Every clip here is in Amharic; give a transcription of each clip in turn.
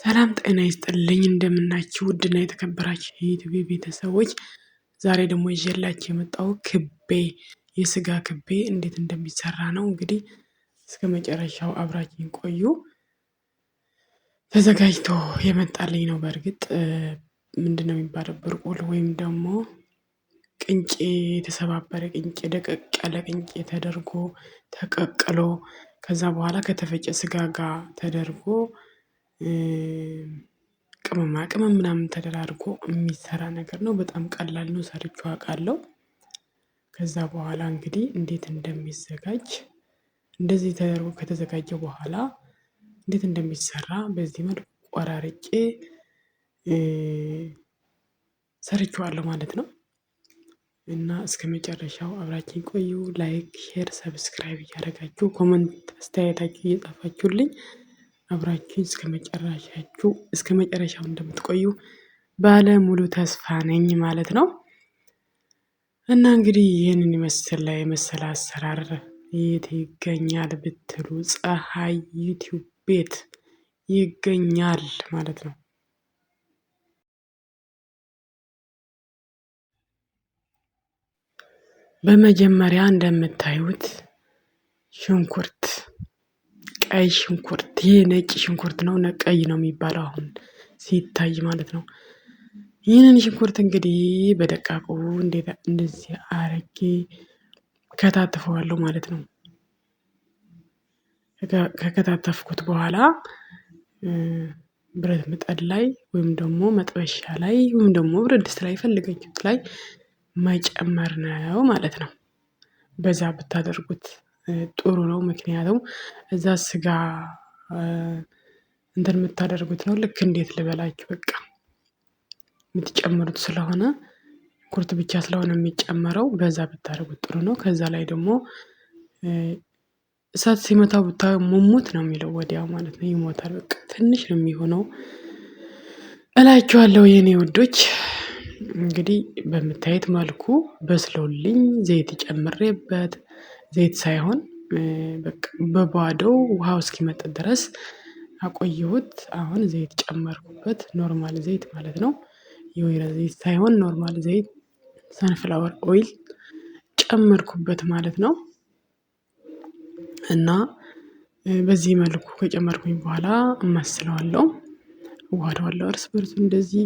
ሰላም ጤና ይስጥልኝ እንደምናችሁ ውድና የተከበራችሁ የኢትዮጵያ ቤተሰቦች፣ ዛሬ ደግሞ ይዤላችሁ የመጣው ክቤ የስጋ ክቤ እንዴት እንደሚሰራ ነው። እንግዲህ እስከ መጨረሻው አብራችን ቆዩ። ተዘጋጅቶ የመጣልኝ ነው። በእርግጥ ምንድን ነው የሚባለው ብርቁል ወይም ደግሞ ቅንጭ የተሰባበረ ቅንጭ ደቀቅ ያለ ቅንጭ ተደርጎ ተቀቅሎ ከዛ በኋላ ከተፈጨ ስጋ ጋር ተደርጎ ቅመማ ቅመም ምናምን ተደራርጎ የሚሰራ ነገር ነው። በጣም ቀላል ነው ሰርቼው አውቃለሁ። ከዛ በኋላ እንግዲህ እንዴት እንደሚዘጋጅ እንደዚህ ተደርጎ ከተዘጋጀ በኋላ እንዴት እንደሚሰራ በዚህ መልኩ ቆራርጬ ሰርቼዋለሁ ማለት ነው። እና እስከ መጨረሻው አብራችን ቆዩ። ላይክ፣ ሼር፣ ሰብስክራይብ እያደረጋችሁ ኮመንት አስተያየታችሁ እየጻፋችሁልኝ አብራችሁኝ እስከ መጨረሻችሁ እስከ መጨረሻው እንደምትቆዩ ባለ ሙሉ ተስፋ ነኝ ማለት ነው። እና እንግዲህ ይህንን ላይ የመሰለ አሰራር የት ይገኛል ብትሉ ፀሐይ ዩቲዩብ ቤት ይገኛል ማለት ነው። በመጀመሪያ እንደምታዩት ሽንኩርት ቀይ ሽንኩርት ይህ ነጭ ሽንኩርት ነው፣ ቀይ ነው የሚባለው አሁን ሲታይ ማለት ነው። ይህንን ሽንኩርት እንግዲህ በደቃቁ እንደዚህ አረጌ ከታትፈዋለሁ ማለት ነው። ከከታተፍኩት በኋላ ብረት ምጣድ ላይ ወይም ደግሞ መጥበሻ ላይ ወይም ደግሞ ብረት ድስት ላይ ፈለገችሁት ላይ መጨመር ነው ማለት ነው። በዛ ብታደርጉት ጥሩ ነው። ምክንያቱም እዛ ስጋ እንትን የምታደርጉት ነው ልክ እንዴት ልበላችሁ በቃ የምትጨምሩት ስለሆነ ኩርት ብቻ ስለሆነ የሚጨመረው በዛ ብታደርጉት ጥሩ ነው። ከዛ ላይ ደግሞ እሳት ሲመታው ብታ ሙሙት ነው የሚለው ወዲያው ማለት ነው ይሞታል። በቃ ትንሽ ነው የሚሆነው እላችኋለሁ የእኔ ውዶች። እንግዲህ በምታየት መልኩ በስሎልኝ ዘይት ጨምሬበት ዘይት ሳይሆን በባዶ ውሃው እስኪመጥ ድረስ አቆየሁት። አሁን ዘይት ጨመርኩበት ኖርማል ዘይት ማለት ነው። የወይራ ዘይት ሳይሆን ኖርማል ዘይት ሰንፍላወር ኦይል ጨመርኩበት ማለት ነው። እና በዚህ መልኩ ከጨመርኩኝ በኋላ እማስለዋለሁ እዋህደዋለሁ እርስ በርሱ እንደዚህ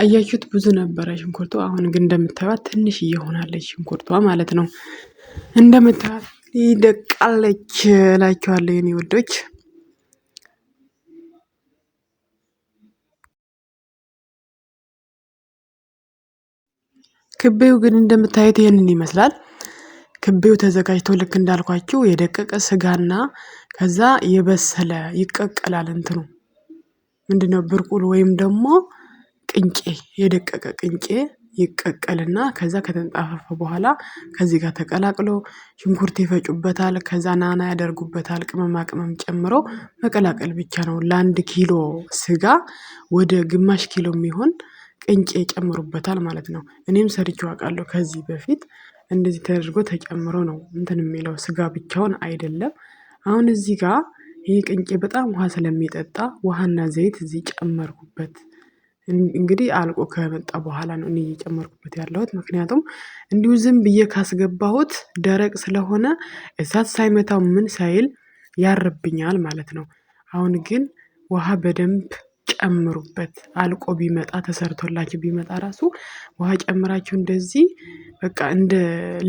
አያችሁት ብዙ ነበረ ሽንኩርቱ። አሁን ግን እንደምታዩት ትንሽ እየሆናለች ሽንኩርቷ ማለት ነው። እንደምታዩት ይደቃለች እላችኋለሁ የኔ ወዶች። ክቤው ግን እንደምታዩት ይህንን ይመስላል። ክቤው ተዘጋጅቶ ልክ እንዳልኳችሁ የደቀቀ ስጋና ከዛ የበሰለ ይቀቀላል እንትኑ ምንድነው ብርቁል ወይም ደግሞ ቅንጬ የደቀቀ ቅንጬ ይቀቀልና ከዛ ከተንጣፈፈ በኋላ ከዚህ ጋር ተቀላቅሎ ሽንኩርት ይፈጩበታል። ከዛ ናና ያደርጉበታል ቅመማ ቅመም ጨምሮ መቀላቀል ብቻ ነው። ለአንድ ኪሎ ስጋ ወደ ግማሽ ኪሎ የሚሆን ቅንጬ ጨምሩበታል ማለት ነው። እኔም ሰርቼው አውቃለሁ ከዚህ በፊት እንደዚህ ተደርጎ ተጨምሮ ነው እንትን የሚለው ስጋ ብቻውን አይደለም። አሁን እዚህ ጋር ይህ ቅንጬ በጣም ውሃ ስለሚጠጣ ውሃና ዘይት እዚህ ጨመርኩበት እንግዲህ አልቆ ከመጣ በኋላ ነው እኔ እየጨመርኩበት ያለሁት። ምክንያቱም እንዲሁ ዝም ብዬ ካስገባሁት ደረቅ ስለሆነ እሳት ሳይመታው ምን ሳይል ያርብኛል ማለት ነው። አሁን ግን ውሃ በደንብ ጨምሩበት አልቆ ቢመጣ ተሰርቶላችሁ ቢመጣ ራሱ ውሃ ጨምራችሁ እንደዚህ በቃ እንደ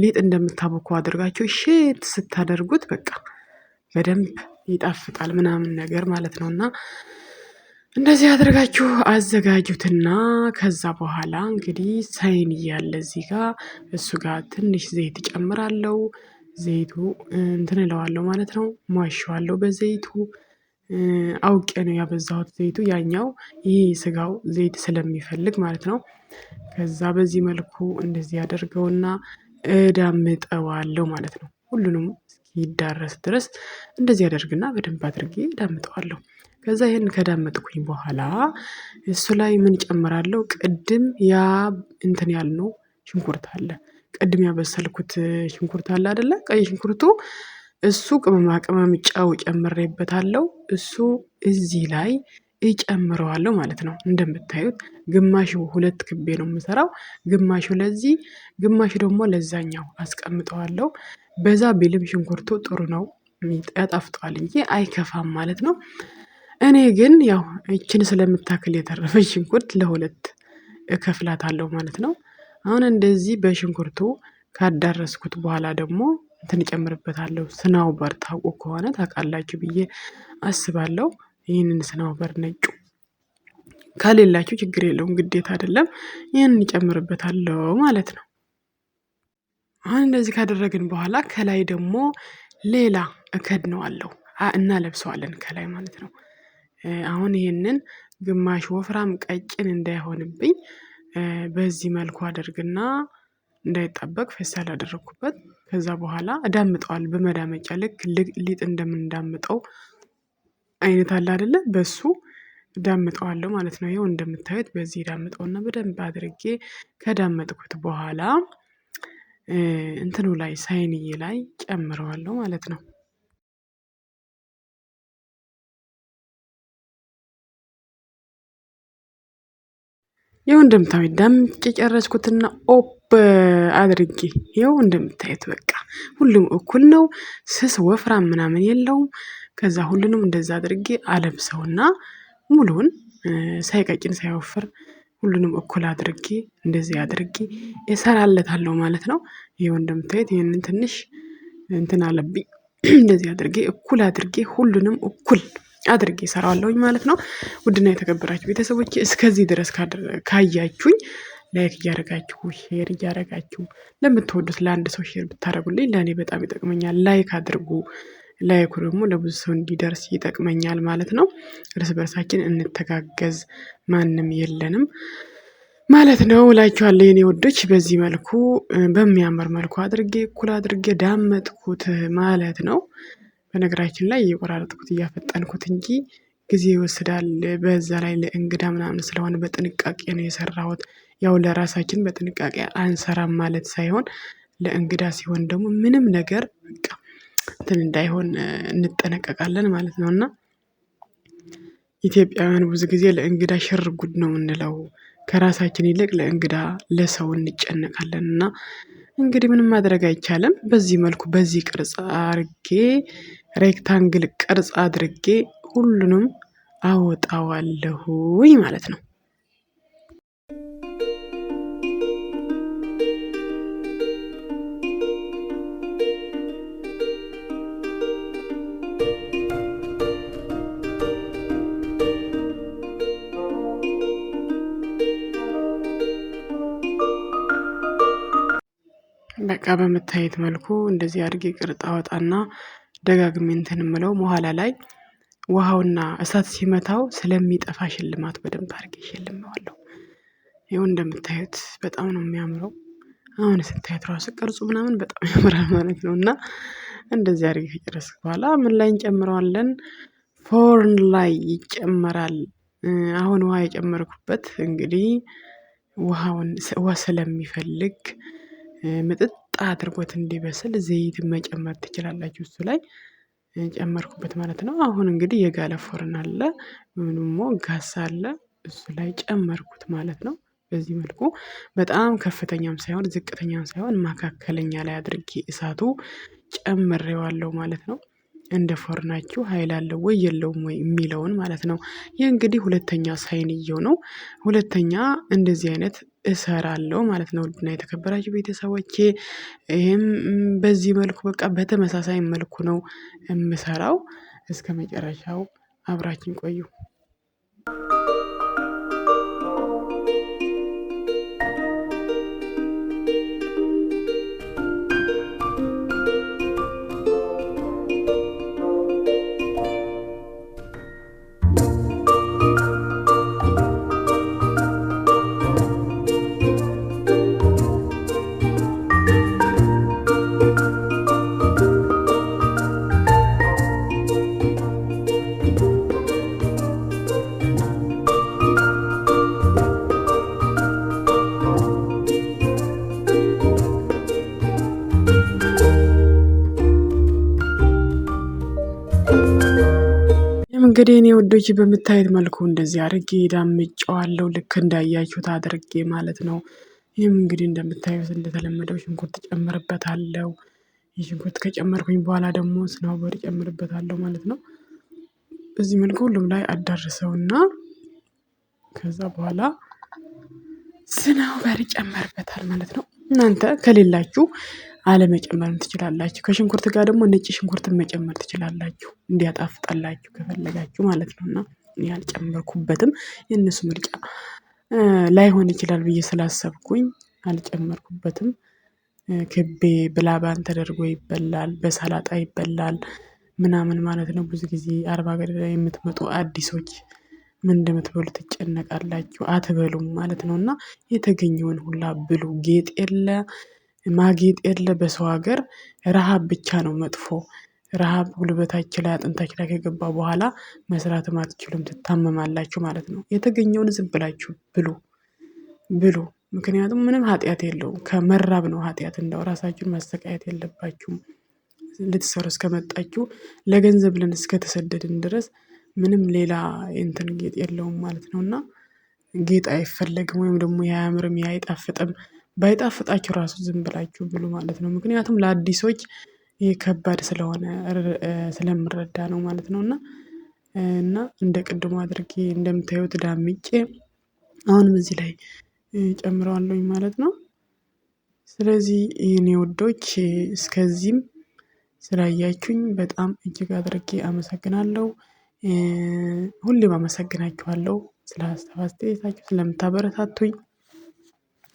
ሊጥ እንደምታቦኩ አድርጋችሁ ሼት ስታደርጉት በቃ በደንብ ይጣፍጣል ምናምን ነገር ማለት ነው። እና እንደዚህ አድርጋችሁ አዘጋጁትና ከዛ በኋላ እንግዲህ ሳይን እያለ እዚህ ጋር እሱ ጋር ትንሽ ዘይት ጨምራለው። ዘይቱ እንትን እለዋለሁ ማለት ነው፣ ሟሸዋለሁ በዘይቱ አውቄ ነው ያበዛሁት። ዘይቱ ያኛው ይህ ስጋው ዘይት ስለሚፈልግ ማለት ነው። ከዛ በዚህ መልኩ እንደዚህ ያደርገውና እዳምጠዋለሁ ማለት ነው። ሁሉንም ይዳረስ ድረስ እንደዚህ ያደርግና በደንብ አድርጌ እዳምጠዋለሁ። ከዛ ይሄን ከዳመጥኩኝ በኋላ እሱ ላይ ምን ጨምራለሁ? ቅድም ያ እንትን ያልነው ሽንኩርት አለ ቅድም ያበሰልኩት ሽንኩርት አለ አደለ? ቀይ ሽንኩርቱ እሱ ቅመማ ቅመም ጨው ጨምሬበታለሁ እሱ እዚህ ላይ እጨምረዋለሁ ማለት ነው። እንደምታዩት ግማሹ ሁለት ክቤ ነው የምሰራው ግማሹ ለዚህ ግማሹ ደግሞ ለዛኛው አስቀምጠዋለሁ። በዛ ቢልም ሽንኩርቱ ጥሩ ነው ያጣፍጠዋል እንጂ አይከፋም ማለት ነው። እኔ ግን ያው ይቺን ስለምታክል የተረፈች ሽንኩርት ለሁለት አለው ማለት ነው። አሁን እንደዚህ በሽንኩርቱ ካዳረስኩት በኋላ ደግሞ እንትን እጨምርበታለሁ ስናው ባር ታውቁ ከሆነ ታውቃላችሁ ብዬ አስባለሁ። ይህንን ስናው ነጩ ከሌላችሁ ችግር የለውም ግዴታ አይደለም። ይህንን እጨምርበታለሁ ማለት ነው። አሁን እንደዚህ ካደረግን በኋላ ከላይ ደግሞ ሌላ እከድነዋለሁ እናለብሰዋለን ከላይ ማለት ነው አሁን ይህንን ግማሽ ወፍራም ቀጭን እንዳይሆንብኝ በዚህ መልኩ አደርግና እንዳይጣበቅ ፌስታል አደረኩበት። ከዛ በኋላ እዳምጠዋል በመዳመጫ ልክ ሊጥ እንደምንዳምጠው አይነት አለ አደለ? በሱ እዳምጠዋለሁ ማለት ነው። ይኸው እንደምታዩት በዚህ እዳምጠውና በደንብ አድርጌ ከዳመጥኩት በኋላ እንትኑ ላይ ሳይንዬ ላይ ጨምረዋለሁ ማለት ነው። ይኸው እንደምታዩት ዳምቄ ጨረስኩትና ኦፕ አድርጌ ይኸው እንደምታዩት በቃ ሁሉም እኩል ነው። ስስ ወፍራም ምናምን የለውም። ከዛ ሁሉንም እንደዛ አድርጌ አለብሰውና ሙሉውን ሳይቀጭን ሳይወፍር ሁሉንም እኩል አድርጌ እንደዚህ አድርጌ እሰራለታለሁ ማለት ነው። ይኸው እንደምታዩት ይህንን ትንሽ እንትን አለብኝ እንደዚህ አድርጌ እኩል አድርጌ ሁሉንም እኩል አድርጌ ሰራዋለሁኝ ማለት ነው። ውድና የተከበራችሁ ቤተሰቦች እስከዚህ ድረስ ካያችሁኝ ላይክ እያደረጋችሁ ሼር እያደረጋችሁ ለምትወዱት ለአንድ ሰው ሼር ብታደርጉልኝ ለእኔ በጣም ይጠቅመኛል። ላይክ አድርጉ። ላይኩ ደግሞ ለብዙ ሰው እንዲደርስ ይጠቅመኛል ማለት ነው። እርስ በርሳችን እንተጋገዝ፣ ማንም የለንም ማለት ነው እላችኋለሁ የኔ ወዶች በዚህ መልኩ በሚያምር መልኩ አድርጌ እኩል አድርጌ ዳመጥኩት ማለት ነው። በነገራችን ላይ የቆራረጥኩት እያፈጠንኩት እንጂ ጊዜ ይወስዳል። በዛ ላይ ለእንግዳ ምናምን ስለሆነ በጥንቃቄ ነው የሰራሁት። ያው ለራሳችን በጥንቃቄ አንሰራም ማለት ሳይሆን ለእንግዳ ሲሆን ደግሞ ምንም ነገር በቃ እንትን እንዳይሆን እንጠነቀቃለን ማለት ነው። እና ኢትዮጵያውያን ብዙ ጊዜ ለእንግዳ ሽር ጉድ ነው የምንለው ከራሳችን ይልቅ ለእንግዳ ለሰው እንጨነቃለን እና እንግዲህ ምንም ማድረግ አይቻልም። በዚህ መልኩ በዚህ ቅርጽ አርጌ ሬክታንግል ቅርጽ አድርጌ ሁሉንም አወጣዋለሁኝ ማለት ነው። በቃ በምታዩት መልኩ እንደዚህ አድርጌ ቅርጥ አወጣና ደጋግሜ እንትን ምለው በኋላ ላይ ውሃውና እሳት ሲመታው ስለሚጠፋ ሽልማት በደንብ አድርጌ ሸልመዋለሁ። ይኸው እንደምታዩት በጣም ነው የሚያምረው። አሁን ስታየት ራሱ ቅርጹ ምናምን በጣም ያምራል ማለት ነው። እና እንደዚህ አድርጌ ከጨረስኩ በኋላ ምን ላይ እንጨምረዋለን? ፎርን ላይ ይጨመራል። አሁን ውሃ የጨመርኩበት እንግዲህ ውሃውን ውሃ ስለሚፈልግ ምጥጥ አድርጎት እንዲበስል ዘይት መጨመር ትችላላችሁ። እሱ ላይ ጨመርኩበት ማለት ነው። አሁን እንግዲህ የጋለ ፎርን አለ ወይም ጋስ አለ እሱ ላይ ጨመርኩት ማለት ነው። በዚህ መልኩ በጣም ከፍተኛም ሳይሆን ዝቅተኛም ሳይሆን መካከለኛ ላይ አድርጌ እሳቱ ጨምሬዋለሁ ማለት ነው። እንደ ፎርናችሁ ሀይል አለው ወይ የለውም ወይ የሚለውን ማለት ነው። ይህ እንግዲህ ሁለተኛ ሳይንየው ነው። ሁለተኛ እንደዚህ አይነት እሰራለሁ ማለት ነው። ውድና የተከበራችሁ ቤተሰቦቼ ይህም በዚህ መልኩ በቃ በተመሳሳይ መልኩ ነው የምሰራው። እስከ መጨረሻው አብራችን ቆዩ እንግዲህ እኔ ውዶች በምታየት መልኩ እንደዚህ አድርጌ ዳምጨዋለሁ። ልክ እንዳያችሁት አድርጌ ማለት ነው። ይህም እንግዲህ እንደምታዩት እንደተለመደው ሽንኩርት ጨምርበታለሁ። የሽንኩርት ከጨመርኩኝ በኋላ ደግሞ ስናውበር ጨምርበታለሁ ማለት ነው። በዚህ መልኩ ሁሉም ላይ አዳርሰውና ከዛ በኋላ ስናውበር ጨመርበታል ማለት ነው። እናንተ ከሌላችሁ አለመጨመርም ትችላላችሁ። ከሽንኩርት ጋር ደግሞ ነጭ ሽንኩርትን መጨመር ትችላላችሁ እንዲያጣፍጠላችሁ ከፈለጋችሁ ማለት ነው። እና እኔ አልጨመርኩበትም የእነሱ ምርጫ ላይሆን ይችላል ብዬ ስላሰብኩኝ አልጨመርኩበትም። ክቤ ብላባን ተደርጎ ይበላል በሰላጣ ይበላል ምናምን ማለት ነው። ብዙ ጊዜ አርባ ሀገር የምትመጡ አዲሶች ምን እንደምትበሉ ትጨነቃላችሁ አትበሉም ማለት ነው። እና የተገኘውን ሁላ ብሉ ጌጥ የለ ማጌጥ የለ በሰው ሀገር ረሃብ ብቻ ነው መጥፎ። ረሃብ ጉልበታችን ላይ አጥንታችን ላይ ከገባ በኋላ መስራትም አትችሉም ትታመማላችሁ ማለት ነው። የተገኘውን ዝም ብላችሁ ብሉ። ብሉ ምክንያቱም ምንም ኃጢአት የለውም ከመራብ ነው ኃጢአት እንደው ራሳችሁን ማሰቃየት የለባችሁም። ልትሰሩ እስከመጣችሁ ለገንዘብ ብለን እስከተሰደድን ድረስ ምንም ሌላ እንትን ጌጥ የለውም ማለት ነው። እና ጌጥ አይፈለግም ወይም ደግሞ ይሄ አያምርም አይጣፍጥም ባይጣፍጣችሁ ራሱ ዝም ብላችሁ ብሉ ማለት ነው። ምክንያቱም ለአዲሶች ከባድ ስለሆነ ስለምረዳ ነው ማለት ነው። እና እና እንደ ቅድሙ አድርጌ እንደምታዩት ዳምጬ አሁንም እዚህ ላይ ጨምረዋለኝ ማለት ነው። ስለዚህ እኔ ውዶች እስከዚህም ስላያችሁኝ በጣም እጅግ አድርጌ አመሰግናለሁ። ሁሌም አመሰግናችኋለሁ ስለ ሀሳብ አስተያየታችሁ ስለምታበረታቱኝ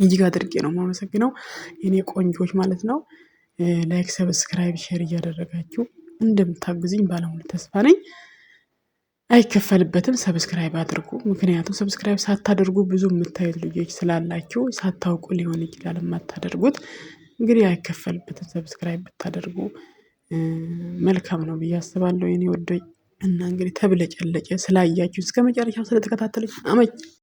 እጅግ አድርጌ ነው የማመሰግነው የኔ ቆንጆች ማለት ነው። ላይክ ሰብስክራይብ ሼር እያደረጋችሁ እንደምታግዙኝ ባለሙሉ ተስፋ ነኝ። አይከፈልበትም ሰብስክራይብ አድርጉ። ምክንያቱም ሰብስክራይብ ሳታደርጉ ብዙ የምታዩት ልጆች ስላላችሁ ሳታውቁ ሊሆን ይችላል የማታደርጉት። እንግዲህ አይከፈልበትም ሰብስክራይብ ብታደርጉ መልካም ነው ብዬ አስባለሁ። የኔ ወደ እና እንግዲህ ተብለጨለጨ ስላያችሁ እስከ መጨረሻው ስለተከታተለች አመች